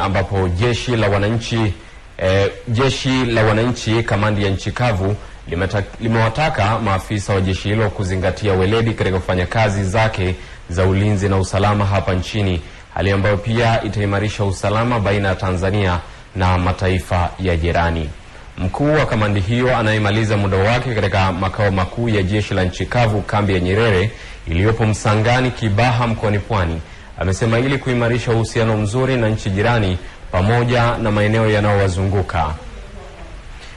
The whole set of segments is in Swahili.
Ambapo jeshi la wananchi e, jeshi la wananchi kamandi ya nchi kavu limewataka maafisa wa jeshi hilo kuzingatia weledi katika kufanya kazi zake za ulinzi na usalama hapa nchini, hali ambayo pia itaimarisha usalama baina ya Tanzania na mataifa ya jirani. Mkuu wa kamandi hiyo anayemaliza muda wake katika makao makuu ya jeshi la nchi kavu kambi ya Nyerere iliyopo Msangani, Kibaha, mkoani Pwani Amesema ili kuimarisha uhusiano mzuri na nchi jirani pamoja na maeneo yanayowazunguka.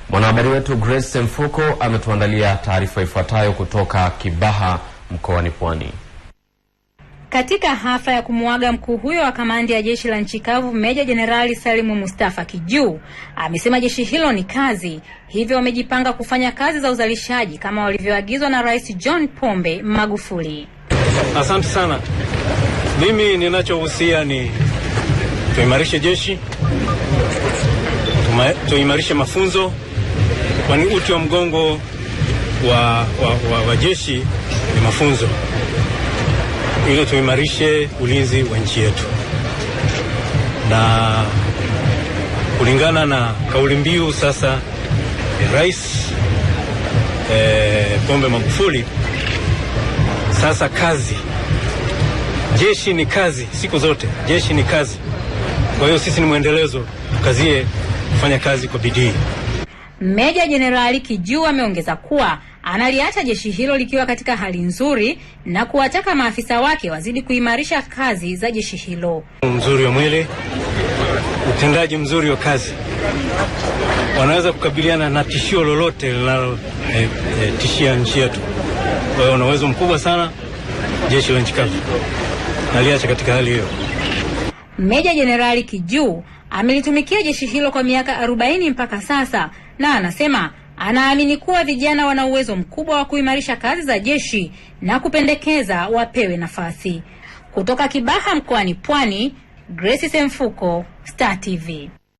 Mwanahabari wetu Grace Mfuko ametuandalia taarifa ifuatayo kutoka Kibaha mkoani Pwani. Katika hafla ya kumuaga mkuu huyo wa kamandi ya jeshi la nchi kavu Meja Jenerali Salimu Mustafa Kijuu amesema jeshi hilo ni kazi, hivyo wamejipanga kufanya kazi za uzalishaji kama walivyoagizwa na Rais John Pombe Magufuli. Asante sana. Mimi ninachohusia ni tuimarishe jeshi, tuimarishe mafunzo, kwani uti wa mgongo wa, wa, wa, wa jeshi ni mafunzo, ili tuimarishe ulinzi wa nchi yetu, na kulingana na kauli mbiu sasa ya Rais eh, Pombe Magufuli, sasa kazi Jeshi ni kazi siku zote, jeshi ni kazi. Kwa hiyo sisi ni mwendelezo, tukazie kufanya kazi kwa bidii. Meja Jenerali Kijua ameongeza kuwa analiacha jeshi hilo likiwa katika hali nzuri na kuwataka maafisa wake wazidi kuimarisha kazi za jeshi hilo. Mzuri wa mwili, utendaji mzuri wa kazi, wanaweza kukabiliana na tishio lolote linalotishia eh, eh, nchi yetu. Kwa hiyo wana uwezo mkubwa sana jeshi la nchi kavu naliacha katika hali hiyo. Meja Jenerali Kijuu amelitumikia jeshi hilo kwa miaka arobaini mpaka sasa, na anasema anaamini kuwa vijana wana uwezo mkubwa wa kuimarisha kazi za jeshi na kupendekeza wapewe nafasi. Kutoka Kibaha mkoani Pwani, Grace Semfuko, Star TV.